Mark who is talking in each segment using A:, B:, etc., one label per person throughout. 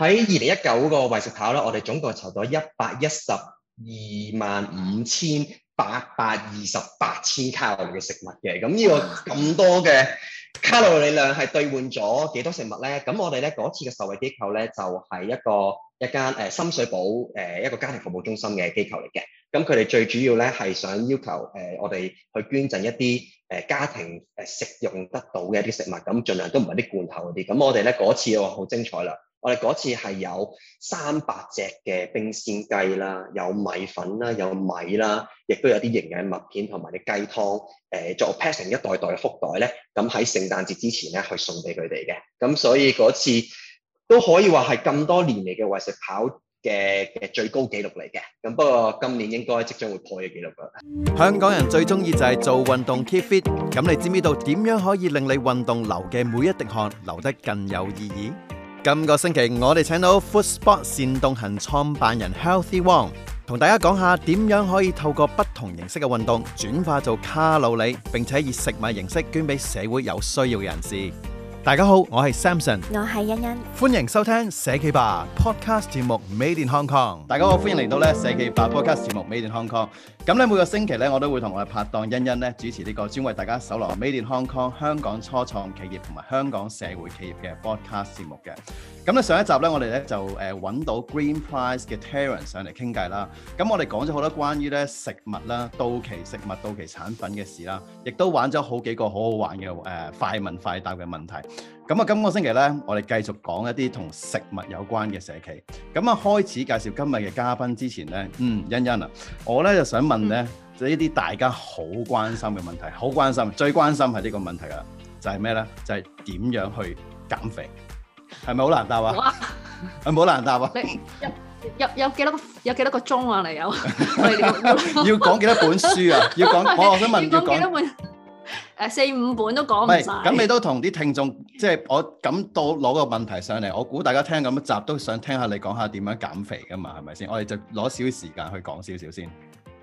A: 喺二零一九個為食跑咧，我哋總共籌咗一百一十二萬五千八百二十八千卡路里嘅食物嘅。咁呢個咁多嘅卡路里量係兌換咗幾多食物咧？咁我哋咧嗰次嘅受惠機構咧就係、是、一個一間誒、呃、深水埗誒、呃、一個家庭服務中心嘅機構嚟嘅。咁佢哋最主要咧係想要求誒、呃、我哋去捐贈一啲誒、呃、家庭誒食用得到嘅一啲食物，咁盡量都唔係啲罐頭嗰啲。咁我哋咧嗰次嘅話好精彩啦！我哋嗰次係有三百隻嘅冰鮮雞啦，有米粉啦，有米啦，亦都有啲營養物件同埋啲雞湯，誒、呃、作 pack 成一袋袋嘅福袋咧，咁喺聖誕節之前咧去送俾佢哋嘅，咁所以嗰次都可以話係咁多年嚟嘅為食跑嘅嘅最高紀錄嚟嘅，咁不過今年應該即將會破嘅紀錄啦。香
B: 港人最中意就係做運動 keep fit，咁你知唔知道點樣可以令你運動流嘅每一滴汗流得更有意義？今個星期我哋請到 Footspot 善動行創辦人 Healthy Wong，同大家講下點樣可以透過不同形式嘅運動轉化做卡路里，並且以食物形式捐俾社會有需要嘅人士。大家好，我係 Samson，
C: 我係欣欣，
B: 歡迎收聽社企吧 Podcast 節目《Made in Hong Kong》。大家好，歡迎嚟到咧社企吧 Podcast 節目《Made in Hong Kong》。咁咧每個星期咧，我都會同我哋拍檔欣欣咧主持呢個專為大家搜羅 Made in Hong Kong 香港初創企業同埋香港社會企業嘅 podcast 節目嘅。咁咧上一集咧，我哋咧就誒揾到 Green Price 嘅 Terence 上嚟傾偈啦。咁我哋講咗好多關於咧食物啦、到期食物、到期產品嘅事啦，亦都玩咗好幾個好好玩嘅誒、呃、快問快答嘅問題。咁啊，今個星期咧，我哋繼續講一啲同食物有關嘅社企。咁啊，開始介紹今日嘅嘉賓之前咧，嗯，欣欣啊，我咧就想問咧，就呢啲大家好關心嘅問題，好關心，最關心係呢個問題啊，就係咩咧？就係點樣去減肥？係咪好難答啊？好難答啊！入入
C: 有幾多個有幾多個鐘啊？你有？要講幾多本書啊？要講、哦，我想問要講。要講誒四五本都講唔曬，咁你都同
B: 啲聽眾，即係我咁到攞個問題上嚟，我估大家聽咁一集都想聽下你講下點樣減肥㗎嘛，係咪先？我哋就攞少時間去講少少先。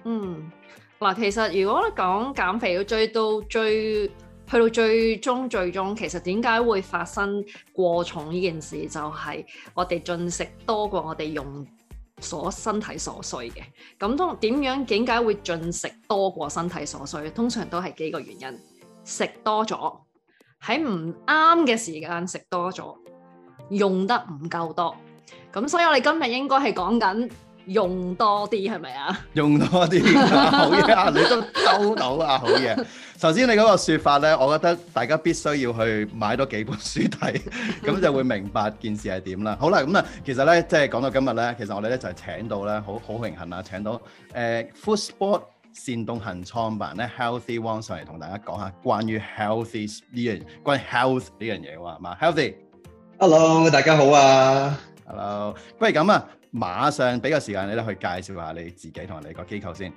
C: 嗯，嗱，其實如果講減肥，最到最去到最終最終，其實點解會發生過重呢件事，就係我哋進食多過我哋用所身體所需嘅。咁同點樣點解會進食多過身體所需？通常都係幾個原因。食多咗，喺唔啱嘅時間食多咗，用得唔夠多，咁所以我哋今日應該係講緊用多啲，係咪啊？
B: 用多啲，好嘢啊！ 你都收到啊，好嘢！頭先你嗰個説法咧，我覺得大家必須要去買多幾本書睇，咁 就會明白件事係點啦。好啦，咁、嗯、啦，其實咧，即係講到今日咧，其實我哋咧就係請到咧，好好榮幸啊！請到誒、呃、Food Sport。善東行創辦咧，Healthy One 上嚟同大家講下關於 Healthy 呢樣，關於 Health 呢樣嘢嘅話，係嘛？Healthy，Hello 大家好啊，Hello，不如咁啊，馬上俾個時間你咧去介紹下你自己同埋你個機構先。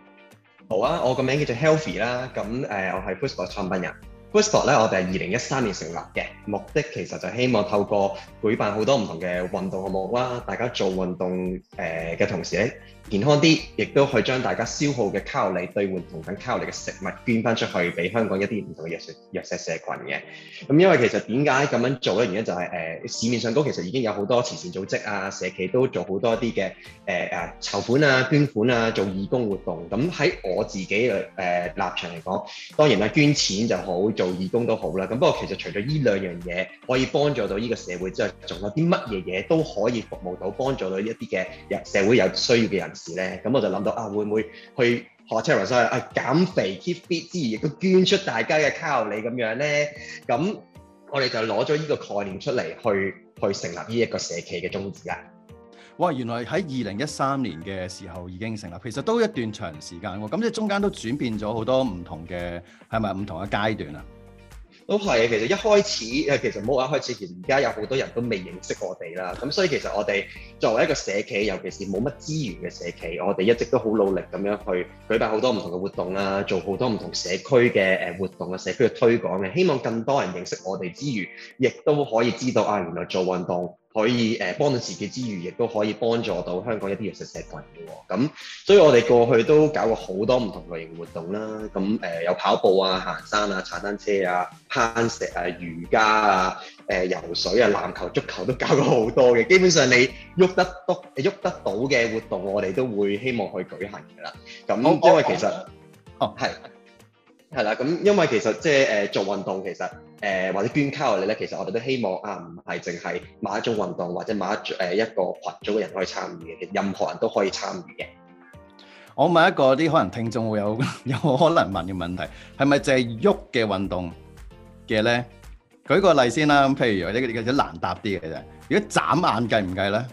B: 好啊，我個名叫做 Healthy 啦，咁誒，我係 Pushboard 創辦人。Sport 咧，我哋係
A: 二零一三年成立嘅，目的其實就希望透過舉辦多好多唔同嘅運動項目啦，大家做運動誒嘅、呃、同時咧，健康啲，亦都去將大家消耗嘅卡路里兌換同等卡路里嘅食物捐翻出去俾香港一啲唔同嘅弱勢弱勢社群嘅。咁、嗯、因為其實點解咁樣做嘅原因就係、是、誒、呃、市面上都其實已經有好多慈善組織啊、社企都做好多啲嘅誒誒籌款啊、捐款啊、做義工活動。咁、嗯、喺我自己誒、呃、立場嚟講，當然啦，捐錢就好。做義工都好啦，咁不過其實除咗呢兩樣嘢可以幫助到呢個社會之外，仲有啲乜嘢嘢都可以服務到、幫助到一啲嘅人、社會有需要嘅人士咧。咁我就諗到啊，會唔會去學 Charles 啊？減肥、keep fit 之餘，亦都捐出大家嘅卡路里咁樣咧。咁我哋就攞咗呢個概念出嚟，去去成立呢一個社企嘅宗旨
B: 啊。哇！原來喺二零一三年嘅時候已經成立，其實都一段長時間喎。咁、嗯、即中間都轉變咗好多唔同嘅係咪唔同嘅階段啊？都係其實一開始誒，其實冇一開始而家有好多人都未認識我哋啦。咁所以其實我
A: 哋作為一個社企，尤其是冇乜資源嘅社企，我哋一直都好努力咁樣去舉辦好多唔同嘅活動啦，做好多唔同社區嘅誒活動嘅社區嘅推廣嘅，希望更多人認識我哋之餘，亦都可以知道啊，原來做運動，可以誒幫到自己之餘，亦都可以幫助到香港一啲弱勢社群嘅喎。咁，所以我哋過去都搞過好多唔同類型活動啦。咁誒、呃，有跑步啊、行山啊、踩單車啊、攀石啊、瑜伽啊、誒、呃、游水啊、籃球、足球都搞過好多嘅。基本上你喐得篤喐得到嘅活動，我哋都會希望去舉行㗎啦。咁好因為其實，好哦係係啦。咁因為其實即係誒做運動其實。誒、呃、或者捐卡我哋咧，其實我哋都希望啊，唔係淨係某一種運動或者某一種、呃、一個群組嘅人可以參與嘅，任何人都可以參與嘅。
B: 我問一個啲可能聽眾會有有可能問嘅問題，係咪淨係喐嘅運動嘅咧？舉個例先啦，咁譬如或者佢哋難答啲嘅啫。如果眨眼計唔計咧？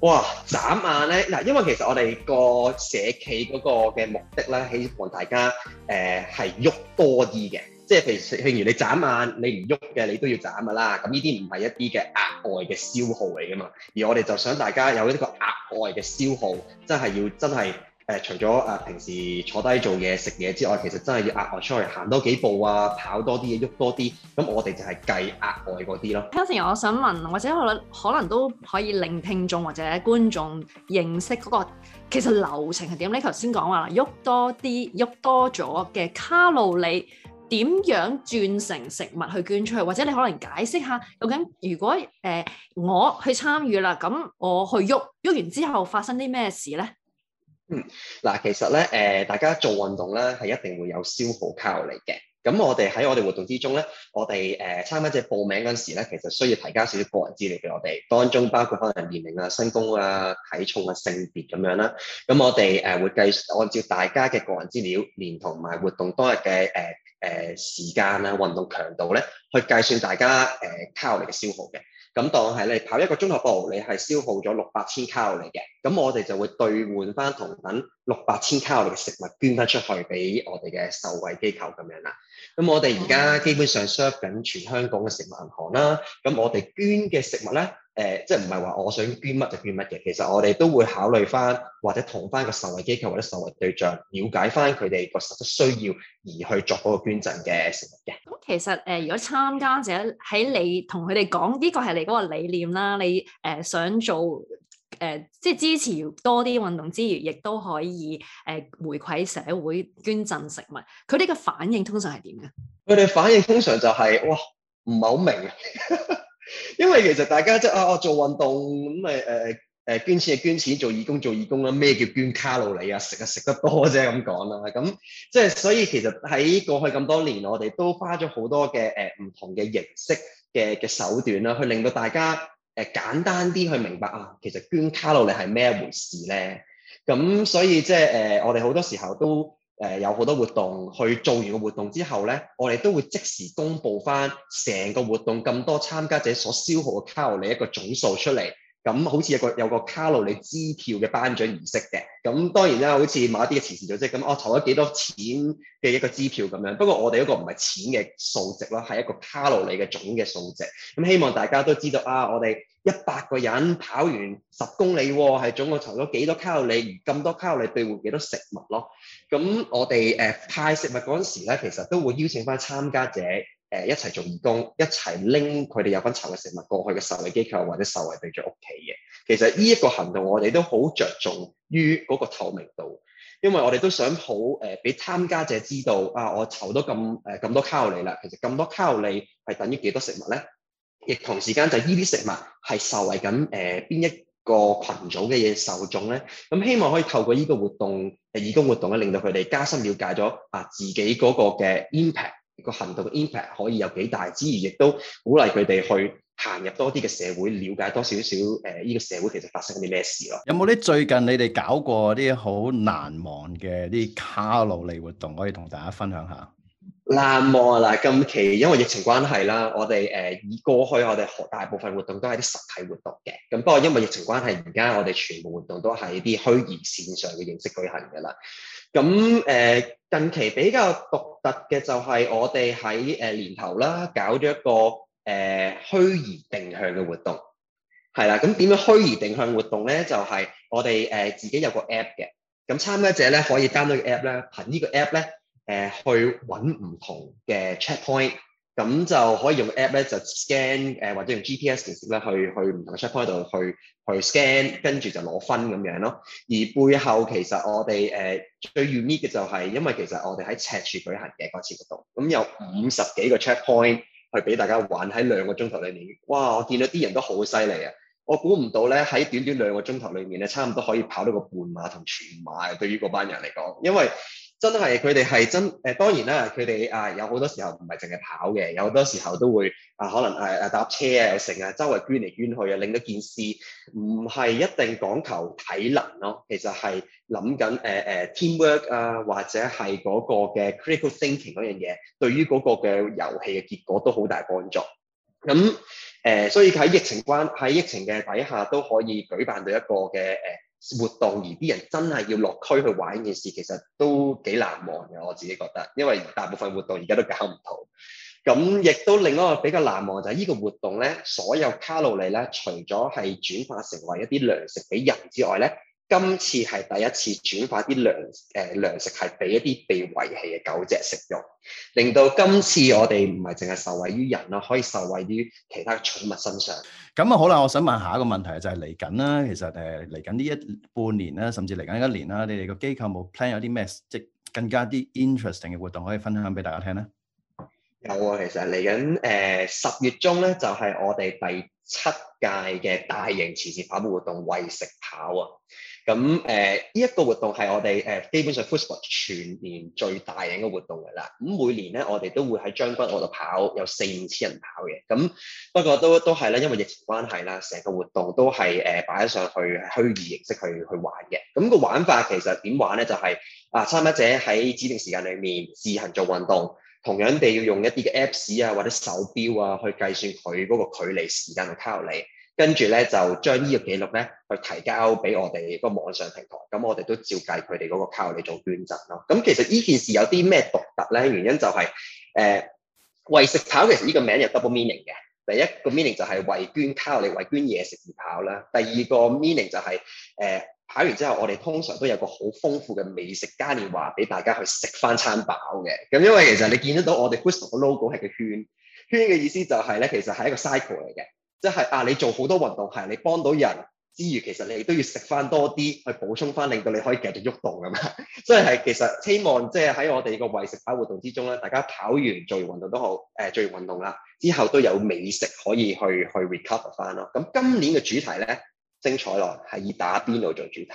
A: 哇！眨眼咧嗱，因為其實我哋個社企嗰個嘅目的咧，希望大家誒係喐多啲嘅。即係譬如譬如，你眨眼，你唔喐嘅，你都要眨噶啦。咁呢啲唔係一啲嘅額外嘅消耗嚟噶嘛。而我哋就想大家有呢個額外嘅消耗，真係要真係誒、呃，除咗誒、呃、平時坐低做嘢食嘢之外，其實真係要額外出去行多幾步啊，跑多啲嘢，喐多啲。咁我哋就係計額外嗰啲咯。
C: 有 e 我想問，或者我可能都可以令聽眾或者觀眾認識嗰、那個其實流程係點咧？頭先講話喐多啲，喐多咗嘅卡路里。點樣轉成食物去捐出去，或者你可能解釋下究竟如果誒、呃、我去參與啦，咁我去喐喐完之後發生啲咩事咧？
A: 嗯，嗱，其實咧誒、呃，大家做運動咧係一定會有消耗卡路里嘅。咁我哋喺我哋活動之中咧，我哋誒、呃、參加者報名嗰陣時咧，其實需要提交少少個人資料俾我哋，當中包括可能年齡啊、身高啊、體重啊、性別咁樣啦。咁我哋誒、呃、會計按照大家嘅個人資料，連同埋活動當日嘅誒誒時間啦、運動強度咧，去計算大家誒卡路里嘅消耗嘅。咁當係你跑一個鐘頭步，你係消耗咗六百千卡路里嘅，咁我哋就會兌換翻同等六百千卡路里嘅食物捐翻出去俾我哋嘅受惠機構咁樣啦。咁我哋而家基本上 serve 全香港嘅食物銀行啦，咁我哋捐嘅食物咧。誒，即係唔係話我想捐乜就捐乜嘅，其實我哋都會考慮翻，或者同翻個受惠機構或者受惠對象了解翻佢哋個實質需要，而去做嗰個捐贈嘅食物嘅。
C: 咁其實誒，如果參加者喺你同佢哋講呢個係你嗰個理念啦，你誒想做誒，即係支持多啲運動之餘，亦都可以誒回饋社會捐贈食物，佢哋嘅反應通常係點嘅？
A: 佢哋反應通常就係，哇，唔係好明。 因為其實大家即係啊，我做運動咁咪誒誒捐錢就捐錢，做義工做義工啦。咩叫捐卡路里啊？食啊食得多啫，咁講啦。咁即係所以其實喺過去咁多年，我哋都花咗好多嘅誒唔同嘅形式嘅嘅手段啦，去令到大家誒簡單啲去明白啊。其實捐卡路里係咩一回事咧？咁所以即係誒，我哋好多時候都。誒有好多活動，去做完個活動之後咧，我哋都會即時公布翻成個活動咁多參加者所消耗嘅卡路里一個總數出嚟。咁好似有個有個卡路里支票嘅頒獎儀式嘅，咁當然啦，好似某一啲嘅慈善組織，咁我投咗幾多錢嘅一個支票咁樣。不過我哋嗰個唔係錢嘅數值啦，係一個卡路里嘅總嘅數值。咁希望大家都知道啊，我哋一百個人跑完十公里，係總共投咗幾多卡路里，咁多卡路里兌換幾多食物咯。咁我哋誒派食物嗰陣時咧，其實都會邀請翻參加者。誒一齊做義工，一齊拎佢哋有份籌嘅食物過去嘅受惠機構或者受惠對象屋企嘅。其實呢一個行動，我哋都好着重於嗰個透明度，因為我哋都想好誒俾參加者知道啊，我籌到咁誒咁多卡路里啦，其實咁多卡路里係等於幾多食物咧？亦同時間就呢啲食物係受惠緊誒邊一個群組嘅嘢受眾咧？咁、嗯、希望可以透過呢個活動誒義、呃、工活動咧，令到佢哋加深了解咗啊自己嗰個嘅 impact。個行動嘅 impact 可以有幾大，之餘亦都鼓勵佢哋去行入多啲嘅社會，了解多少少誒呢個社會其實發生緊啲咩事咯。
B: 有冇啲最近你哋搞過啲好難忘嘅啲卡路里活動，可以同大家分享下？
A: 難忘啊！嗱，近期因為疫情關係啦，我哋誒以過去我哋大部分活動都係啲實體活動嘅，咁不過因為疫情關係，而家我哋全部活動都係啲虛擬線上嘅形式舉行嘅啦。咁誒近期比較獨特嘅就係我哋喺誒年頭啦，搞咗一個誒虛擬定向嘅活動，係啦。咁點樣虛擬定向活動咧？就係我哋誒自己有個 app 嘅，咁參加者咧可以 download 個 app 咧，憑呢個 app 咧誒去揾唔同嘅 checkpoint。咁就可以用 app 咧就 scan 誒、呃，或者用 GPS 形式咧去去唔同嘅 checkpoint 度去去 scan，跟住就攞分咁樣咯。而背後其實我哋誒、呃、最 unique 嘅就係，因為其實我哋喺赤柱舉行嘅嗰次活動，咁有五十幾個 checkpoint 去俾大家玩喺兩個鐘頭裏面。哇！我見到啲人都好犀利啊！我估唔到咧喺短短兩個鐘頭裏面咧，差唔多可以跑到個半馬同全馬啊！對於嗰班人嚟講，因為。真係佢哋係真誒，當然啦，佢哋啊有好多時候唔係淨係跑嘅，有好多時候都會啊可能誒誒、啊、搭車啊，成日周圍捐嚟捐去啊。另一件事唔係一定講求體能咯，其實係諗緊誒誒、呃啊、teamwork 啊，或者係嗰個嘅 critical thinking 嗰樣嘢， 對於嗰個嘅遊戲嘅結果都好大幫助。咁誒、 嗯啊，所以喺疫情關喺疫情嘅底下都可以舉辦到一個嘅誒。啊啊啊啊活動而啲人真係要落區去玩件事，其實都幾難忘嘅。我自己覺得，因為大部分活動而家都搞唔到，咁亦都另一個比較難忘就係呢個活動咧，所有卡路里咧，除咗係轉化成為一啲糧食俾人之外咧。今次係第一次轉發啲糧，誒糧食係俾、呃、一啲被遺棄嘅狗隻食用，令到今次我哋唔係淨係受惠於人咯，可以受惠於其他寵物身上。
B: 咁啊好啦，我想問下一個問題就係嚟緊啦，其實誒嚟緊呢一半年啦，甚至嚟緊一年啦，你哋個機構冇 plan 有啲咩，即更加啲 interesting 嘅活動可以分享俾大家聽咧？
A: 有啊，其實嚟緊誒十月中咧，就係、是、我哋第七屆嘅大型慈善跑步活動餵食跑啊！咁誒，依一、嗯呃這個活動係我哋誒、呃、基本上 Football 全年最大型嘅活動㗎啦。咁、嗯、每年咧，我哋都會喺將軍澳度跑，有四五千人跑嘅。咁、嗯、不過都都係咧，因為疫情關係啦，成個活動都係誒擺咗上去虛擬形式去去玩嘅。咁、嗯、個玩法其實點玩咧？就係、是、啊，參加者喺指定時間裏面自行做運動，同樣地要用一啲嘅 Apps 啊或者手錶啊去計算佢嗰個距離、時間同卡路里。跟住咧就將呢個記錄咧去提交俾我哋個網上平台，咁、嗯、我哋都照計佢哋嗰個卡嚟做捐贈咯。咁、嗯、其實呢件事有啲咩獨特咧？原因就係誒為食跑其實呢個名有 double meaning 嘅，第一個 meaning 就係為捐卡嚟，為捐嘢食而跑啦。第二個 meaning 就係、是、誒、呃、跑完之後，我哋通常都有個好豐富嘅美食嘉年華俾大家去食返餐飽嘅。咁、嗯、因為其實你見得到我哋 Crystal 嘅 logo 係個圈，圈嘅意思就係咧，其實係一個 cycle 嚟嘅。即係啊，你做好多運動，係你幫到人之餘，其實你都要食翻多啲去補充翻，令到你可以繼續喐動咁啊！ 所以係其實希望即係喺我哋個為食跑活動之中咧，大家跑完做完運動都好誒、呃，做完運動啦之後都有美食可以去去 recover 翻咯。咁今年嘅主題咧，精彩咯，係以打邊爐做主題。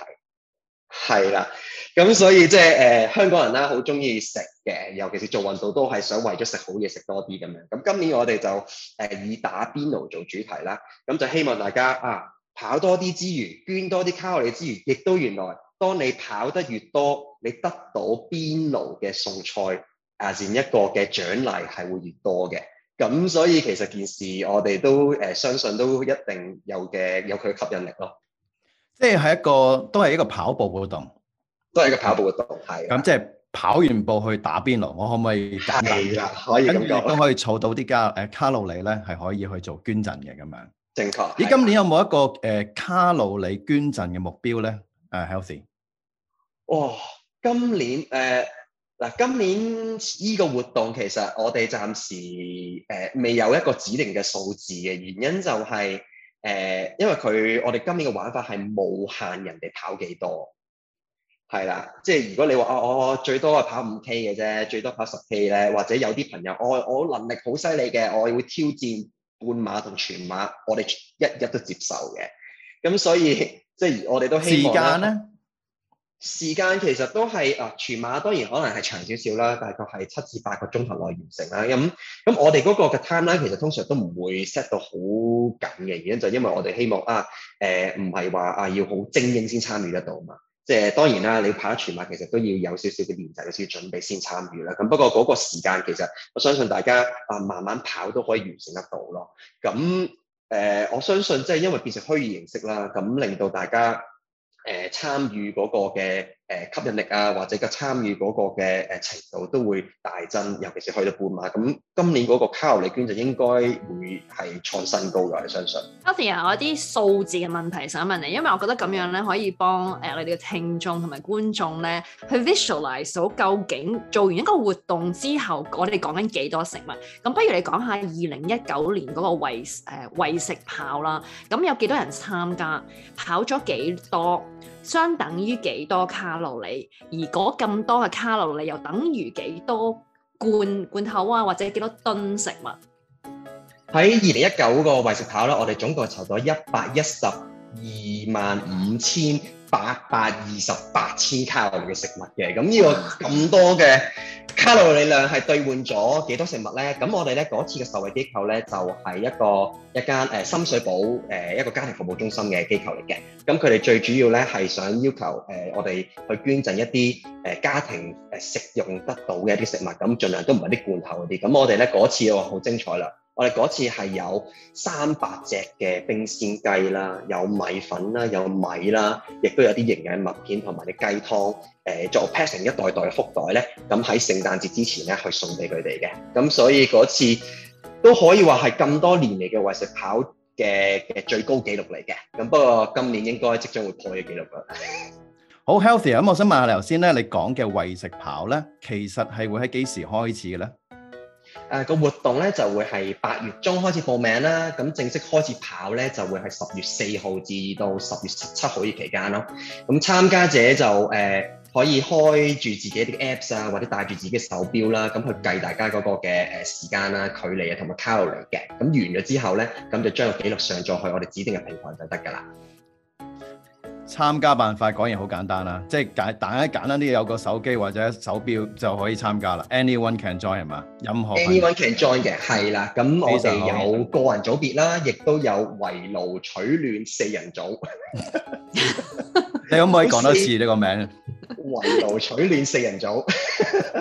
A: 係啦，咁所以即係誒，香港人啦好中意食嘅，尤其是做運動都係想為咗食好嘢食多啲咁樣。咁今年我哋就誒、呃、以打邊爐做主題啦，咁就希望大家啊跑多啲之餘，捐多啲卡路里之餘，亦都原來當你跑得越多，你得到邊爐嘅餸菜啊，然一個嘅獎勵係會越多嘅。咁所以其實件事我哋都誒、呃、相信都一定有嘅，有佢嘅吸引力
B: 咯。即係一個都係一個跑步活動，
A: 都係一個跑步活動，係、嗯。
B: 咁的即係跑完步去打邊爐，我可唔可以？係啦，可以咁講。跟住都可以儲到啲家。誒卡路里咧，係可以去做捐贈嘅咁樣。正確確。咦，今年有冇一個誒、呃、卡路里捐贈嘅目標咧？誒、uh,，healthy。哦，
A: 今年誒嗱、呃，今年依個活動其實我哋暫時誒、呃、未有一個指定嘅數字嘅，原因就係、是。誒，因為佢我哋今年嘅玩法係無限人哋跑幾多，係啦，即係如果你話哦，我最多係跑五 K 嘅啫，最多跑十 K 咧，或者有啲朋友我、哦、我能力好犀利嘅，我會挑戰半馬同全馬，我哋一一、一都接受嘅，咁所以即係我哋都希望咧。時間其實都係啊全馬當然可能係長少少啦，大概係七至八個鐘頭內完成啦。咁、嗯、咁、嗯嗯、我哋嗰個嘅 time 咧，其實通常都唔會 set 到好緊嘅，原因就因為我哋希望啊誒唔係話啊要好精英先參與得到嘛。即、就、係、是、當然啦，你跑全馬其實都要有少少嘅練習，有少少準備先參與啦。咁、嗯、不過嗰個時間其實我相信大家啊慢慢跑都可以完成得到咯。咁、嗯、誒、呃、我相信即係因為變成虛擬形式啦，咁、嗯、令到大家。誒、呃、參與嗰個嘅。誒，吸引力啊，或者嘅參與嗰個嘅誒程度都會大增，尤其是去到半馬。咁今年嗰個卡路里捐就應該會係創新高㗎，我相信。
C: Kathy 啊，我有一啲數字嘅問題想問你，因為我覺得咁樣咧可以幫誒你哋嘅聽眾同埋觀眾咧去 visualise 好究竟做完一個活動之後，我哋講緊幾多食物。咁不如你講下二零一九年嗰個餵誒、呃、餵食跑啦，咁有幾多人參加，跑咗幾多？相等於幾多卡路里，而嗰咁多嘅卡路里又等於幾多罐罐頭啊，或者幾多噸食物？
A: 喺二零一九個為食跑啦，我哋總共籌咗一百一十二萬五千八百二十八千卡路里嘅食物嘅，咁呢個咁多嘅卡路里量係兌換咗幾多食物咧？咁我哋咧嗰次嘅受惠機構咧就係、是、一個一間誒深水埗誒、呃、一個家庭服務中心嘅機構嚟嘅，咁佢哋最主要咧係想要求誒、呃、我哋去捐贈一啲誒家庭誒食用得到嘅一啲食物，咁儘量都唔係啲罐頭嗰啲，咁我哋咧嗰次嘅話好精彩啦。我哋嗰次係有三百隻嘅冰鮮雞啦，有米粉啦，有米啦，亦都有啲營養物件同埋啲雞湯，誒、呃、作 pack 成一袋袋嘅福袋咧，咁喺聖誕節之前咧去送俾佢哋嘅。咁所以嗰次都可以話係咁多年嚟嘅餵食跑嘅嘅最高紀錄嚟嘅。咁不過今年應該即將會破咗紀錄啦。
B: 好 healthy 啊！咁我想問下你頭先咧，你講嘅餵食跑咧，其實係會喺幾時開始嘅咧？誒個、uh, 活動咧就會
A: 係八月中開始報名啦，咁正式開始跑咧就會係十月四號至到十月七號十月十七號嘅期間咯。咁參加者就誒、uh, 可以開住自己啲 Apps 啊，或者帶住自己手錶啦，咁去計大家嗰個嘅誒、uh, 時間啦、啊、距離啊同埋卡路里嘅。咁完咗之後咧，咁就將個記錄上載去我哋指定嘅平台就得㗎
B: 啦。參加辦法講嘢好簡單啦，即係簡，大家簡單啲有個手機或者手錶就可以參加啦。Anyone can join 係嘛？任何 Anyone can join 嘅係啦。咁我哋有
A: 個人組別啦，亦都有圍爐取暖四人組。
B: 你可唔可以講多次呢個名？
A: 圍爐 取暖四人
B: 組。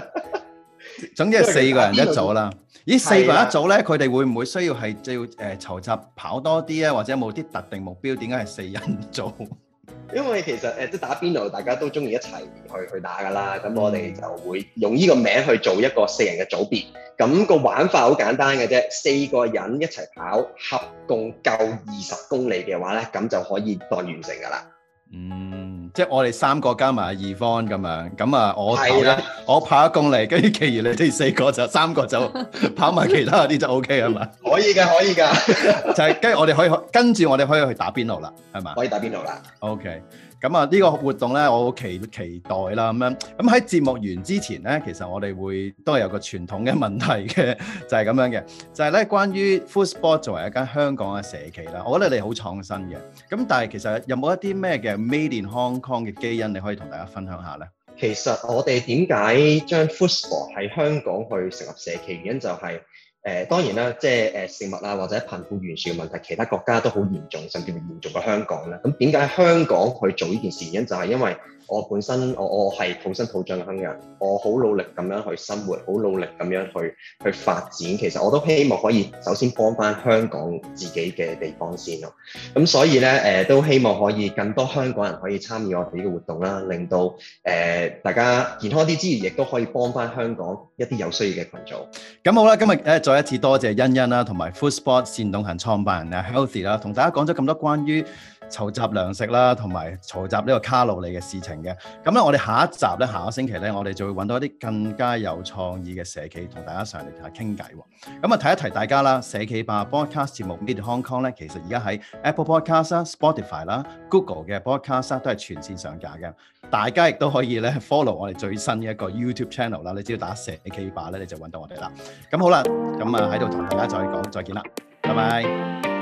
B: 總之係四個人一組啦。 咦，四個人一組咧，佢哋吧會唔會需要係要誒籌集跑多啲啊？或者有冇啲特定目標？點解係四人組？
A: 因為其實誒即、呃、打邊爐，大家都中意一齊去去打㗎啦。咁我哋就會用呢個名去做一個四人嘅組別。咁個玩法好簡單嘅啫，四個人一齊跑，合共夠二十公里嘅話咧，咁就可以
B: 當完成㗎啦。嗯。即係我哋三個加埋二方咁樣，咁啊我跑一，的我跑一公里，跟住其餘你哋四個就三個就跑埋其他啲就 O K 啊嘛，可以㗎、 就是、可以㗎，就係跟住我哋可以去，跟住我哋可以去打邊爐啦，係咪？可以打邊爐啦，O K。Okay. 咁啊，呢個活動咧，我好期期待啦，咁樣。咁喺節目完之前咧，其實我哋會都係有個傳統嘅問題嘅，就係、是、咁樣嘅，就係、是、咧關於 Food Sport 作為一間香港嘅社企啦，我覺得你好創新嘅。咁但係其實有冇一啲咩嘅 Made in Hong Kong 嘅基因，你可以同大家分享下咧？其實我哋點解將 Food Sport 喺香
A: 港去成立社企，原因就係、是。
B: 誒、呃、當然啦，
A: 即係誒、呃、食物啊或者貧富懸殊嘅問題，其他國家都好嚴重，甚至乎嚴重過香港啦。咁點解香港去做呢件事呢？原因就係、是、因為。我本身我我係土生土長嘅香港人，我好努力咁樣去生活，好努力咁樣去去發展。其實我都希望可以首先幫翻香港自己嘅地方先咯。咁所以咧誒、呃，都希望可以更多香港人可以參與我哋嘅活動啦，令到誒、呃、大家健康啲
B: 之餘，亦都可以幫翻香港一啲有需要嘅群組。咁好啦，今日誒再一次多謝欣欣啦，同埋 Footsport 善動行創辦人啊 Healthy 啦，同大家講咗咁多關於。籌集糧食啦，同埋籌集呢個卡路里嘅事情嘅。咁咧，我哋下一集咧，下個星期咧，我哋就會揾到一啲更加有創意嘅社企，同大家上嚟傾偈。咁、嗯、啊，提一提大家啦，社企吧 Podcast 節目 Made in Hong Kong 咧，其實而家喺 Apple Podcast 啦、Spotify 啦、Google 嘅 Podcast 都係全線上架嘅。大家亦都可以咧 follow 我哋最新嘅一個 YouTube channel 啦。你只要打社企吧咧，你就揾到我哋啦。咁好啦，咁啊喺度同大家再講，再見啦，拜拜。